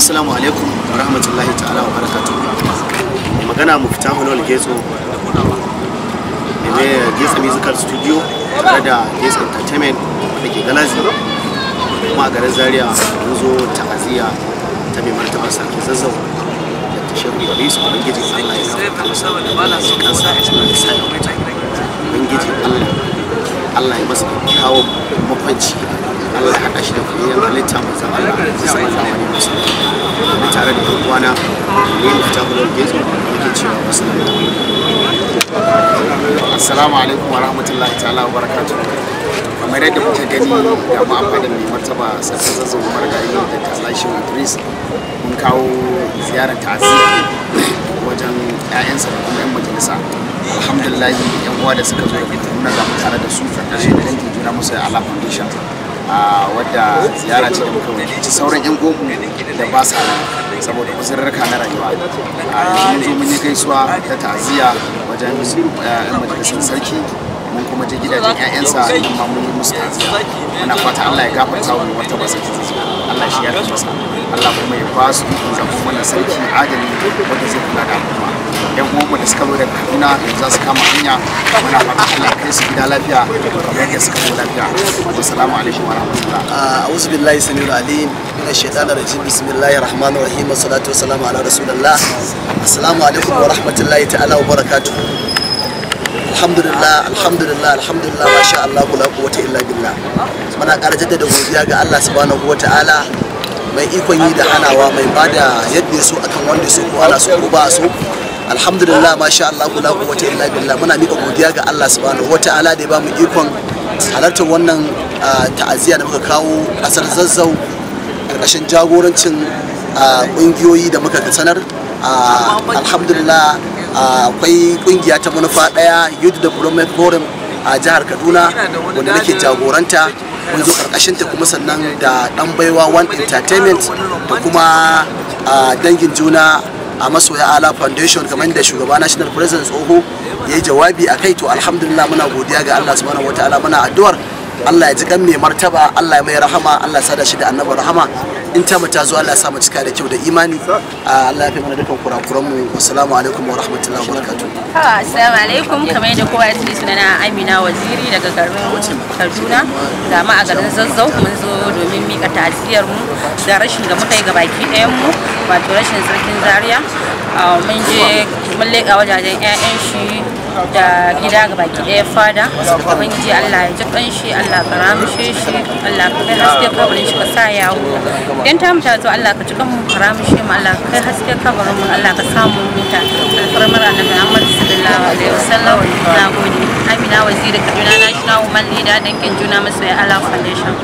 assalamu alaikum wa rahmatullahi ta'ala wa barakatu magana mu fita hulol getso da getsa musical studio tare da getsa entertainment da ke galazi kuma a garin zaria mun zo ta'aziyya ta mai martaba sarki zazzau da ta shirin da bisu ubangiji allah ya kansa ubangiji allah allah ya masa kawo makwanci Allah ya haɗa shi da fiyayyen halitta manzan Allah sallallahu alaihi wasallam da tare da ɗan uwana ne mu fita gudan gezo yake cewa wasu Assalamu alaikum wa rahmatullahi ta'ala wa barakatuhu kamar yadda kuka gani da mu amfani mai martaba sarkin zazzau margari da kalashin idris mun kawo ziyarar ta'aziyya wajen 'ya'yansa da kuma 'yan majalisa alhamdulillah yan uwa da suka zo da ita muna tare da su karkashin da dangi juna musu ya ala foundation wadda ziyara ce da muka wuce sauran yan gomu da ba sa saboda saboda uzurarka na rayuwa a yanzu zo mun yi gaisuwa ta ta'aziyya wajen yan eh, majalisar sarki mun kuma je gidajen 'ya'yansa mun ma mun yi musu ta'aziyya muna fata Allah ya gafarta wa wata ba sarki Allah shi ya masa Allah kuma ya ba su ikon zaɓen wannan sarki adali wanda zai kula da al'umma yan uwanmu da suka zo daga kaduna za su kama hanya muna fata allah kai su gida lafiya kamar yadda suka zo lafiya assalamu alaikum wa rahmatullah ah, a'udhu billahi samiul alim min shaitanir rajim bismillahir rahmanir rahim wassalatu wassalamu ala rasulillah assalamu alaikum wa rahmatullahi ta'ala wa barakatuh alhamdulillah alhamdulillah alhamdulillah masha Allah la quwwata illa billah muna ƙara jaddada godiya ga Allah subhanahu wa ta'ala mai ikon yi da hanawa mai bada yadda so akan wanda so ko ana so ko ba so alhamdulillah masha Allah la wata illa billah muna miƙa godiya ga Allah subhanahu wata'ala da ya bamu ikon halartar wannan ta'aziyya da muka kawo kasar zazzau karkashin jagorancin ƙungiyoyi da muka sanar alhamdulillah akwai ƙungiya ta manufa ɗaya youth development forum a jihar kaduna wanda nake jagoranta mun zo karkashin ta kuma sannan da dan baiwa one entertainment da kuma dangin juna a masoya ala foundation kamar da shugaba national president tsoho ya yi jawabi a kai to alhamdulillah muna godiya ga allah subhanahu wataala muna addu'ar allah ya ji kan mai martaba allah ya mai rahama allah ya sada shi da annabar rahama in ta mata zo Allah ya sa mu cika da kyau da imani ah, Allah ya fi mana dukkan kurakuran mu assalamu alaikum wa rahmatullahi wa barakatuh assalamu alaikum kamar da kowa ya ce sunana Amina Waziri daga garin Kaduna da ma a garin Zazzau mun zo domin mika ta'aziyar mu da rashin da muka yi ga baki ɗayan mu wato rashin sarkin Zaria ah, mun je mun leƙa wajajen 'ya'yan shi da gida ga baki daya fada ubangiji Allah ya ji shi Allah ka ramushe shi Allah ka kai haske kabarin shi ka sa yawo idan ta mutu zo Allah ka ji kan mu ramushe mu Allah ka kai haske kabarin mu Allah ka sa mu muta alfarmar annabi Muhammad sallallahu alaihi wasallam na gode Amina wazir Kaduna National Women Leader dankin juna masoya Allah Foundation